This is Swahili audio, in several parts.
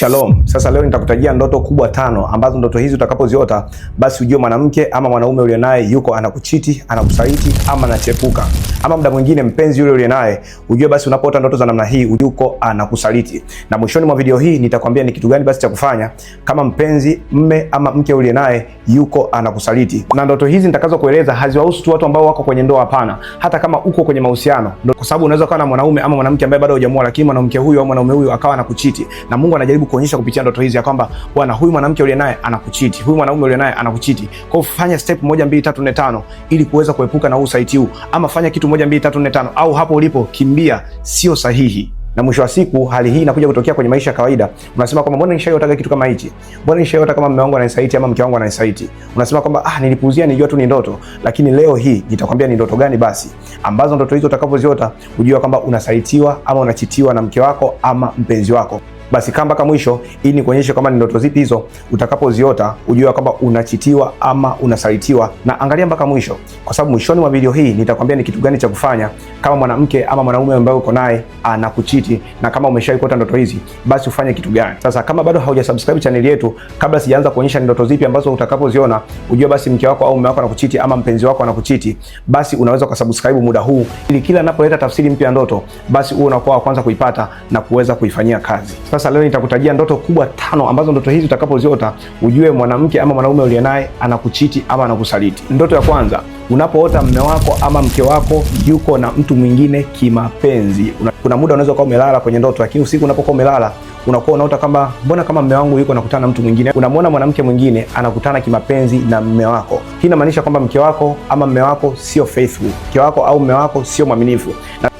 Shalom. Sasa leo nitakutajia ndoto kubwa tano ambazo ndoto hizi utakapoziota basi ujue mwanamke ama mwanaume uliye naye yuko anakuchiti, anakusaliti ama anachepuka. Ama muda mwingine mpenzi yule uliye naye ujue basi unapoota ndoto za namna hii yuko anakusaliti. Na mwishoni mwa video hii nitakwambia ni kitu gani basi cha kufanya kama mpenzi mme ama mke uliye naye yuko anakusaliti. Na ndoto hizi nitakazo kueleza haziwahusu tu watu ambao wako kwenye ndoa, hapana. Hata kama uko kwenye mahusiano. Kwa sababu unaweza kuwa na mwanaume ama mwanamke ambaye bado hujamuoa, lakini mwanamke huyu au mwanaume huyu akawa anakuchiti na Mungu anajaribu kuonyesha kupitia ndoto hizi ya kwamba bwana, huyu mwanamke uliye naye anakuchiti, huyu mwanaume uliye naye anakuchiti. Kwa hiyo fanya step moja mbili tatu nne tano ili kuweza kuepuka na huu usaiti huu, ama fanya kitu moja mbili tatu nne tano, au hapo ulipo kimbia, sio sahihi na mwisho wa siku hali hii inakuja kutokea kwenye maisha ya kawaida. Unasema kwamba mbona nishaiota kitu kama hichi, mbona nishaiota kama mume wangu ananisaiti ama mke wangu ananisaiti. Unasema kwamba ah, nilipuuzia nilijua tu ni ndoto, lakini leo hii nitakwambia ni ndoto gani basi ambazo ndoto hizo utakapoziota ujue kwamba unasaitiwa ama unachitiwa na mke wako ama mpenzi wako basi kaa mpaka mwisho ili nikuonyeshe kama ni ndoto zipi hizo utakapoziota ujue kwamba unachitiwa ama unasalitiwa, na angalia mpaka mwisho, kwa sababu mwishoni mwa video hii nitakwambia ni kitu gani cha kufanya kama mwanamke ama mwanaume ambaye uko naye anakuchiti, na kama umeshawahi kuota ndoto hizi, basi ufanye kitu gani. Sasa kama bado haujasubscribe channel yetu, kabla sijaanza kuonyesha ni ndoto zipi ambazo utakapoziona ujue basi mke wako au mume wako anakuchiti ama mpenzi wako anakuchiti, basi unaweza ukasubscribe muda huu, ili kila ninapoleta tafsiri mpya ya ndoto, basi uwe unakuwa wa kwanza kuipata na kuweza kuifanyia kazi. Sasa sasa leo nitakutajia ndoto kubwa tano ambazo ndoto hizi utakapoziota ujue mwanamke ama mwanaume uliye naye anakuchiti ama anakusaliti. Ndoto ya kwanza unapoota mme wako ama mke wako yuko na mtu mwingine kimapenzi. Kuna muda unaweza kuwa umelala kwenye ndoto, lakini usiku unapokuwa umelala unakuwa unaota kama mbona kama mme wangu yuko anakutana na mtu mwingine, unamwona mwanamke mwingine anakutana kimapenzi na mme wako. Hii inamaanisha kwamba mke wako ama mme wako sio faithful, mke wako au mme wako sio mwaminifu,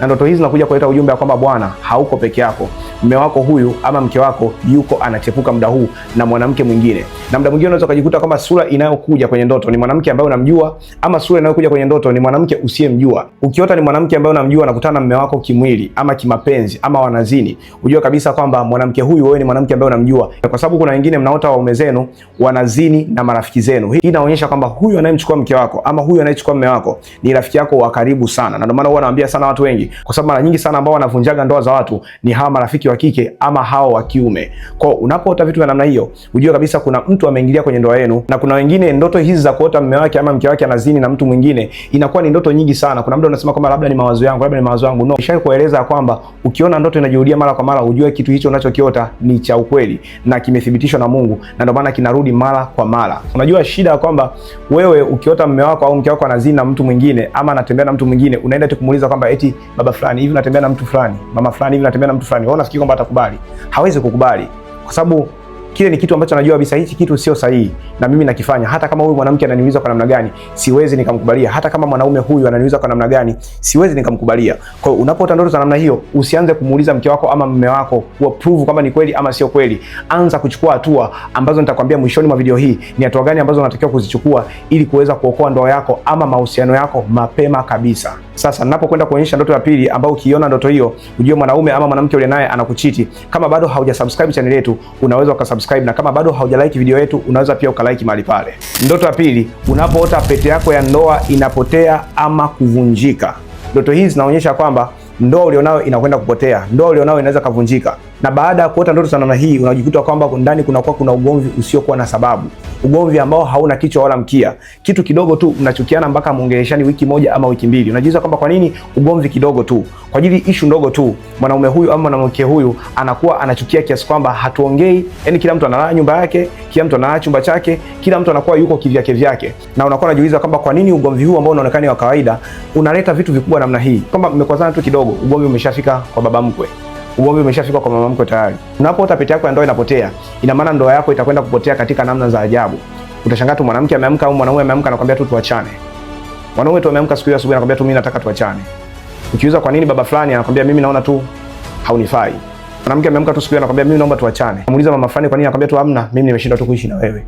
na ndoto hizi zinakuja kuleta ujumbe wa kwamba bwana, hauko peke yako, mme wako huyu ama mke wako yuko anachepuka muda huu na mwanamke mwingine, na muda mwingine unaweza ukajikuta kwamba sura inayokuja kwenye ndoto ni mwanamke ambaye unamjua ama sura inayokuja kwenye ndoto ni mwanamke usiyemjua. Ukiota ni mwanamke ambaye unamjua, anakutana na mume wako kimwili ama kimapenzi ama wanazini, ujue kabisa kwamba mwanamke huyu wewe ni mwanamke ambaye unamjua, kwa sababu kuna wengine mnaota waume zenu wanazini na marafiki zenu. Hii inaonyesha kwamba huyu anayemchukua mke wako ama huyu anayechukua mume wako ni rafiki yako wa karibu sana, na ndio maana huwa naambia sana watu wengi, kwa sababu mara nyingi sana ambao wanavunjaga ndoa za watu ni hawa marafiki wa kike ama hawa wa kiume. Kwa unapoota vitu vya namna hiyo, ujue kabisa kuna mtu ameingilia kwenye ndoa yenu, na kuna wengine ndoto hizi za kuota mume wake ama mke wake anazini na mtu mwingine inakuwa ni ndoto nyingi sana. Kuna mtu anasema kwamba labda ni mawazo yangu, labda ni mawazo yangu. No, nishawahi kueleza kwamba ukiona ndoto inajirudia mara kwa mara, ujue kitu hicho unachokiota ni cha ukweli na kimethibitishwa na Mungu, na ndio maana kinarudi mara kwa mara. Unajua shida kwamba wewe ukiota mume wako au mke wako anazini na mtu mwingine ama anatembea na mtu mwingine, unaenda tu kumuuliza kwamba eti baba fulani hivi unatembea na mtu fulani, mama fulani hivi unatembea na mtu fulani, wewe unafikiri kwamba atakubali? Hawezi kukubali kwa sababu kile ni kitu ambacho najua kabisa hichi kitu sio sahihi na mimi nakifanya, hata kama huyu mwanamke ananiuliza kwa namna gani, siwezi nikamkubalia. Hata kama mwanaume huyu ananiuliza kwa namna gani, siwezi nikamkubalia. Kwa hiyo unapoota ndoto za namna hiyo, usianze kumuuliza mke wako ama mume wako prove kwamba ni kweli ama sio kweli. Anza kuchukua hatua ambazo nitakwambia mwishoni mwa video hii, ni hatua gani ambazo unatakiwa kuzichukua ili kuweza kuokoa ndoa yako ama mahusiano yako mapema kabisa. Sasa ninapokwenda kuonyesha ndoto ya pili ambayo ukiona ndoto hiyo ujue mwanaume ama mwanamke ule naye anakuchiti. Kama bado haujasubscribe channel yetu unaweza ukasubscribe, na kama bado haujalike video yetu unaweza pia ukalike mahali pale. Ndoto ya pili, unapoota pete yako ya ndoa inapotea ama kuvunjika. Ndoto hizi zinaonyesha kwamba ndoa ulionayo inakwenda kupotea, ndoa ulionayo inaweza kuvunjika na baada ya kuota ndoto za namna hii unajikuta kwamba ndani kunakuwa kuna ugomvi usiokuwa na sababu, ugomvi ambao hauna kichwa wala mkia. Kitu kidogo tu mnachukiana mpaka mungeeshani wiki moja ama wiki mbili. Unajiuliza kwamba kwa nini ugomvi kidogo tu, kwa ajili ishu ndogo tu, mwanaume huyu ama mwanamke huyu anakuwa anachukia kiasi kwamba hatuongei. Yani kila mtu analala nyumba yake, kila mtu analala chumba chake, kila mtu anakuwa yuko kivyake vyake, na unakuwa unajiuliza kwamba kwa nini ugomvi huu ambao unaonekana wa kawaida unaleta vitu vikubwa namna hii, kwamba mmekwazana tu kidogo, ugomvi umeshafika kwa baba mkwe uoga umeshafika kwa mama mkwe tayari. Unapoota pete yako ya ndoa inapotea, ina maana ndoa yako itakwenda kupotea katika namna za ajabu. Utashangaa tu mwanamke ameamka au mwanaume ameamka anakuambia tu tuachane. Mwanaume tu ameamka siku hiyo asubuhi anakuambia tu mimi nataka tuachane. Ukiuliza kwa nini baba fulani anakuambia mimi naona tu haunifai. Mwanamke ameamka tu siku hiyo anakuambia mimi naomba tuachane. Muuliza mama fulani kwa nini anakuambia tu hamna, mimi nimeshindwa tu kuishi na wewe.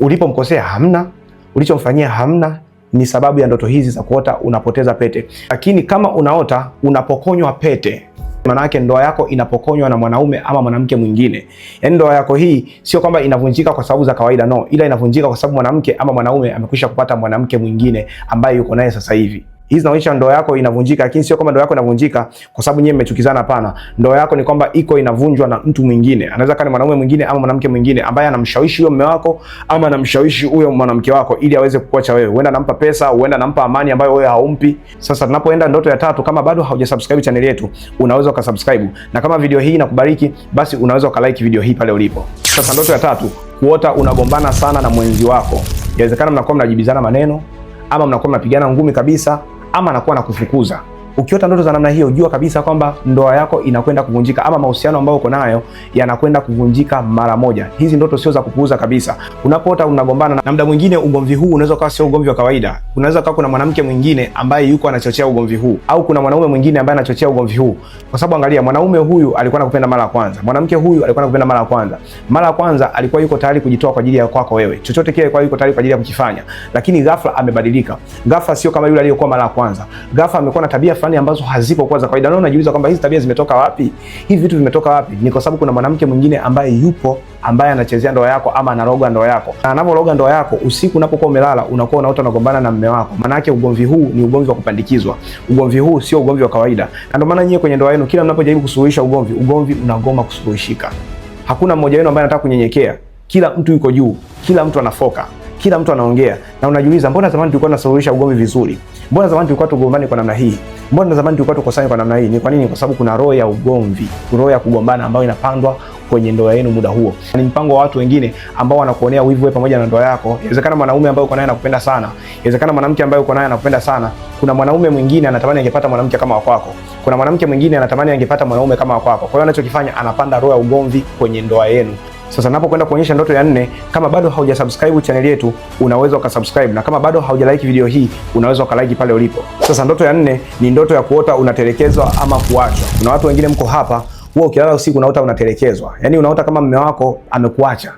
Ulipomkosea hamna, ulichomfanyia hamna, ni sababu ya ndoto hizi za kuota unapoteza pete. Lakini kama unaota unapokonywa pete Manake ndoa yako inapokonywa na mwanaume ama mwanamke mwingine. Yaani ndoa yako hii sio kwamba inavunjika kwa sababu za kawaida, no, ila inavunjika kwa sababu mwanamke ama mwanaume amekwisha kupata mwanamke mwingine ambaye yuko naye sasa hivi hizi zinaonyesha ndoa yako inavunjika, lakini sio kwamba ndoa yako inavunjika kwa sababu nyewe mmechukizana. Hapana, ndoa yako ni kwamba iko inavunjwa na mtu mwingine, anaweza kuwa ni mwanaume mwingine ama mwanamke mwingine ambaye anamshawishi huyo mume wako ama anamshawishi huyo mwanamke wako ili aweze kukuacha wewe. Huenda anampa pesa, huenda anampa amani ambayo wewe haumpi. Sasa tunapoenda ndoto ya tatu, kama bado haujasubscribe channel yetu, unaweza ukasubscribe, na kama video hii inakubariki, basi unaweza ukalike video hii pale ulipo. Sasa ndoto ya tatu, kuota unagombana sana na mwenzi wako. Inawezekana mnakuwa mnajibizana maneno ama mnakuwa mnapigana ngumi kabisa ama anakuwa anakufukuza. Ukiota ndoto za namna hiyo, jua kabisa kwamba ndoa yako inakwenda kuvunjika ama mahusiano ambayo uko nayo yanakwenda kuvunjika mara moja. Hizi ndoto sio za kupuuza kabisa. Unapoota unagombana na mda mwingine, ugomvi huu unaweza kuwa sio ugomvi wa kawaida. Unaweza kuwa kuna mwanamke mwingine ambaye yuko anachochea ugomvi huu, au kuna mwanaume mwingine ambaye anachochea ugomvi huu, kwa sababu angalia, mwanaume huyu alikuwa anakupenda mara ya kwanza, mwanamke huyu alikuwa anakupenda mara ya kwanza. Mara ya kwanza alikuwa yuko tayari kujitoa kwa ajili ya kwako wewe, chochote kile alikuwa yuko tayari kwa ajili ya kukifanya, lakini ghafla amebadilika. Ghafla sio kama yule aliyokuwa mara ya kwanza. Ghafla amekuwa na tabia fulani ambazo hazipo kwa za kawaida, na unajiuliza kwamba hizi tabia zimetoka wapi? Hivi vitu vimetoka wapi? Ni kwa sababu kuna mwanamke mwingine ambaye yupo ambaye anachezea ndoa yako ama anaroga ndoa yako, na anaporoga ndoa yako, usiku unapokuwa umelala, unakuwa unaota unagombana na mume wako. Maana yake ugomvi huu ni ugomvi wa kupandikizwa. Ugomvi huu sio ugomvi wa kawaida, na ndio maana nyie kwenye ndoa yenu, kila mnapojaribu kusuluhisha ugomvi, ugomvi unagoma kusuluhishika. Hakuna mmoja wenu ambaye anataka kunyenyekea. Kila mtu yuko juu, kila mtu anafoka kila mtu anaongea na unajiuliza, mbona zamani tulikuwa tunasuluhisha ugomvi vizuri? Mbona zamani tulikuwa tugombane kwa namna hii? Mbona zamani tulikuwa tukosane kwa namna hii? Ni kwa nini? Kwa sababu kuna roho ya ugomvi, roho ya kugombana ambayo inapandwa kwenye ndoa yenu muda huo. Ni mpango wa watu wengine ambao wanakuonea wivu wewe pamoja na ndoa yako. Inawezekana mwanaume ambaye uko naye anakupenda sana, inawezekana mwanamke ambaye uko naye anakupenda sana. Kuna mwanaume mwingine anatamani angepata mwanamke kama wako, kuna mwanamke mwingine anatamani angepata mwanaume kama wako. Kwa hiyo anachokifanya anapanda roho ya ugomvi kwenye ndoa yenu. Sasa napokwenda kuonyesha ndoto ya nne, kama bado haujasubscribe channel yetu, unaweza ukasubscribe, na kama bado haujalike video hii, unaweza ukalike pale ulipo. Sasa ndoto ya nne ni ndoto ya kuota unatelekezwa ama kuachwa. Kuna watu wengine mko hapa, huwa ukilala usiku unaota unatelekezwa, yaani unaota kama mme wako amekuacha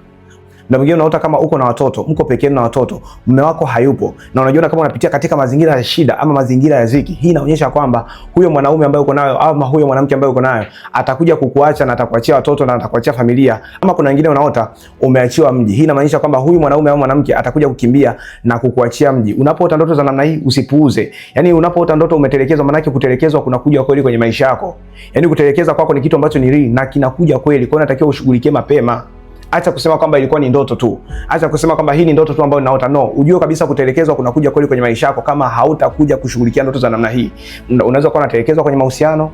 na mwingine unaota kama uko na watoto, mko pekee na watoto, mume wako hayupo, na unajiona kama unapitia katika mazingira ya shida ama mazingira ya ziki. Hii inaonyesha kwamba huyo mwanaume ambaye uko nayo ama huyo mwanamke ambaye uko nayo atakuja kukuacha na atakuachia watoto na atakuachia familia. Ama kuna wengine unaota umeachiwa mji. Hii inamaanisha kwamba huyu mwanaume ama mwanamke atakuja kukimbia na kukuachia mji. Unapoota ndoto za namna hii usipuuze. yani unapoota ndoto umetelekezwa, maana yake kutelekezwa kunakuja kweli kwenye maisha yako. yani kutelekeza kwako ni kitu ambacho ni real na kinakuja kweli. Kwa hiyo unatakiwa ushughulikie mapema. Acha kusema kwamba ilikuwa ni ndoto tu, acha kusema kwamba hii ni ndoto tu ambayo ninaota. No, ujue kabisa kutelekezwa kuja kweli kwenye maisha yako, kama hautakuja kushughulikia ndoto za namna hii. Unaweza kuwa unatelekezwa kwenye mahusiano,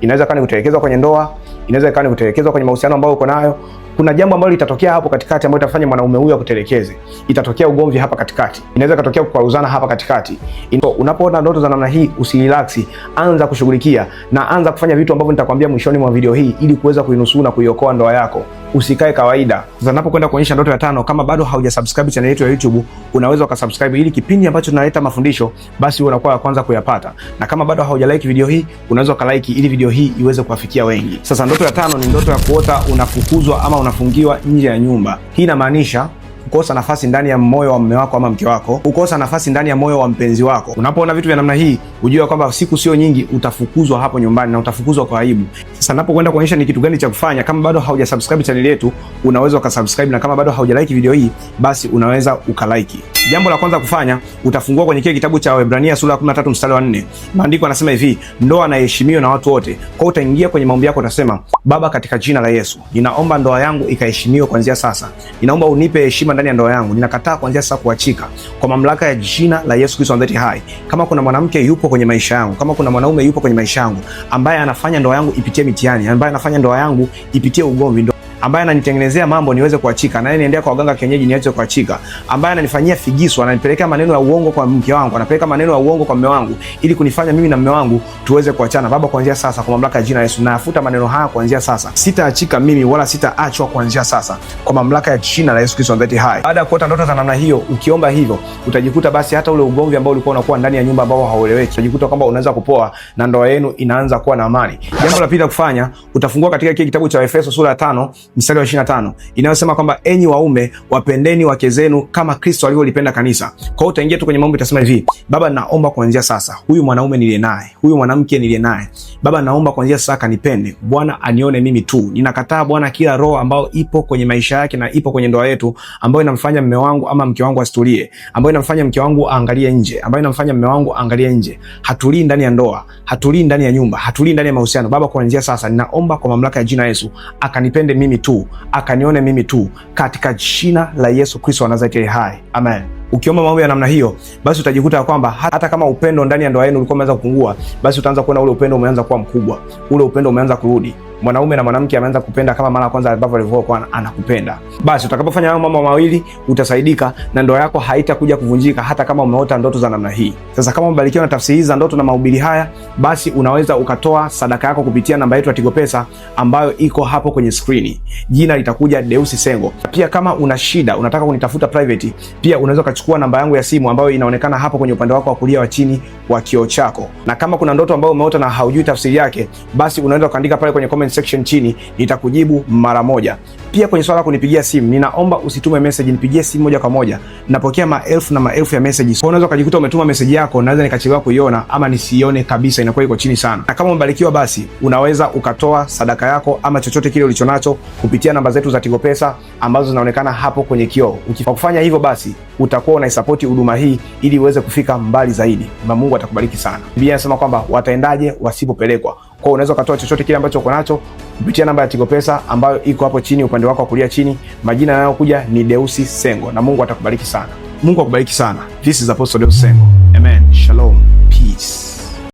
inaweza kuwa ni kutelekezwa kwenye ndoa, inaweza kuwa ni kutelekezwa kwenye mahusiano ambayo uko nayo, kuna jambo ambalo litatokea hapo katikati ambalo itafanya mwanaume huyo akutelekeze. Itatokea ugomvi hapa katikati, inaweza ikatokea kukwaruzana hapa katikati. So, unapoona ndoto za namna hii usirelax, anza kushughulikia na anza kufanya vitu ambavyo nitakwambia mwishoni mwa video hii ili kuweza kuinusuru na kuiokoa ndoa yako. Usikae kawaida. Sasa napokwenda kuonyesha ndoto ya tano, kama bado haujasubscribe channel yetu ya YouTube, unaweza ukasubscribe ili kipindi ambacho tunaleta mafundisho basi wewe unakuwa wa kwanza kuyapata, na kama bado haujalike video hii, unaweza ukalike ili video hii iweze kuwafikia wengi. Sasa ndoto ya tano ni ndoto ya kuota unafukuzwa ama una unafungiwa nje ya nyumba. Hii inamaanisha kukosa nafasi ndani ya moyo wa mume wako ama mke wako, kukosa nafasi ndani ya moyo wa mpenzi wako. Unapoona vitu vya namna hii, ujue kwamba siku sio nyingi utafukuzwa hapo nyumbani na utafukuzwa kwa aibu. Sasa napokwenda kuonyesha ni kitu gani cha kufanya, kama bado haujasubscribe channel yetu, unaweza ukasubscribe, na kama bado haujalike video hii, basi unaweza ukalike. Jambo la kwanza kufanya, utafungua kwenye kile kitabu cha Waebrania sura ya 13 mstari wa 4. Maandiko yanasema hivi, ndoa na heshimiwe na watu wote. Kwa hiyo utaingia kwenye maombi yako utasema, Baba, katika jina la Yesu, ninaomba ndoa yangu ikaheshimiwe kuanzia sasa. Ninaomba unipe heshima ndani ya ndoa yangu. Ninakataa kuanzia sasa kuachika kwa mamlaka ya jina la Yesu Kristo ambaye hai. Kama kuna mwanamke yupo kwenye maisha yangu, kama kuna mwanaume yupo kwenye maisha yangu ambaye anafanya ndoa yangu ipitie mitihani, ambaye anafanya ndoa yangu ipitie ugomvi ambaye ananitengenezea mambo niweze kuachika, na yeye niendea kwa waganga kienyeji niweze kuachika, ambaye ananifanyia figisu, ananipelekea maneno ya uongo kwa mke wangu, anapeleka maneno ya uongo kwa mume wangu, ili kunifanya mimi na mume wangu tuweze kuachana. Baba, kuanzia sasa, kwa mamlaka ya jina la Yesu, nafuta maneno haya kuanzia sasa. Sitaachika mimi wala sitaachwa kuanzia sasa, kwa mamlaka ya jina la Yesu Kristo ndani hai. Baada ya kuota ndoto za namna hiyo, ukiomba hivyo, utajikuta basi hata ule ugomvi ambao ulikuwa unakuwa ndani ya nyumba ambao haueleweki, utajikuta kwamba unaanza kupoa na ndoa yenu inaanza kuwa na amani. Jambo la pili la kufanya, utafungua katika kile kitabu cha Efeso sura ya 5 mstari wa 25 inayosema kwamba enyi waume wapendeni wake zenu kama Kristo alivyolipenda kanisa. Kwa hiyo utaingia tu kwenye maombi, utasema hivi: Baba, naomba kuanzia sasa huyu mwanaume niliye naye, huyu mwanamke niliye naye, Baba, naomba kuanzia sasa kanipende, Bwana anione mimi tu. Ninakataa Bwana kila roho ambayo ipo kwenye maisha yake na ipo kwenye ndoa yetu, ambayo inamfanya mme wangu ama mke wangu asitulie, ambayo inamfanya mke wangu aangalie nje, ambayo inamfanya mme wangu aangalie nje. Hatulii ndani ya ndoa, hatulii ndani ya nyumba, hatulii ndani ya mahusiano. Baba, kuanzia sasa ninaomba kwa mamlaka ya jina Yesu akanipende mimi tu, akanione mimi tu, katika jina la Yesu Kristo wa Nazareti hai, amen. Ukiomba maombi ya namna hiyo, basi utajikuta ya kwamba hata kama upendo ndani ya ndoa yenu ulikuwa umeanza kupungua, basi utaanza kuona ule upendo umeanza kuwa mkubwa, ule upendo umeanza kurudi mwanaume na mwanamke ameanza kupenda kama mara kwanza ambavyo alivyokuwa anakupenda, basi utakapofanya hayo mambo mawili utasaidika na ndoa yako haitakuja kuvunjika, hata kama umeota ndoto za namna hii. Sasa kama umebarikiwa na tafsiri hizi za ndoto na mahubiri haya, basi unaweza ukatoa sadaka yako kupitia namba yetu ya Tigo Pesa ambayo iko hapo kwenye skrini. Jina litakuja Deusi Sengo. Pia kama una shida, unataka kunitafuta private, pia unaweza ukachukua namba yangu ya simu ambayo inaonekana hapo kwenye upande wako wa kulia wa chini wa kioo chako, na kama kuna ndoto ambayo umeota na haujui tafsiri yake, basi unaweza ukaandika pale kwenye comment comment section chini, nitakujibu mara moja. Pia kwenye swala kunipigia simu, ninaomba usitume message, nipigie simu moja kwa moja. Napokea maelfu na maelfu ya messages. Kwa unaweza ukajikuta umetuma message yako, naweza nikachelewa kuiona ama nisione kabisa, inakuwa iko chini sana. Na kama umebarikiwa, basi unaweza ukatoa sadaka yako ama chochote kile ulichonacho kupitia namba zetu za Tigo Pesa ambazo zinaonekana hapo kwenye kioo. Kwa kufanya hivyo, basi utakuwa unaisapoti huduma hii ili uweze kufika mbali zaidi, na Mungu atakubariki sana. Biblia inasema kwamba wataendaje wasipopelekwa? kwao unaweza ukatoa chochote kile ambacho uko nacho kupitia namba ya Tigo Pesa ambayo iko hapo chini upande wako wa kulia chini. Majina yanayokuja ni Deusi Sengo, na Mungu atakubariki sana. Mungu akubariki sana. This is Apostle Deusi Sengo. Amen. Shalom. Peace.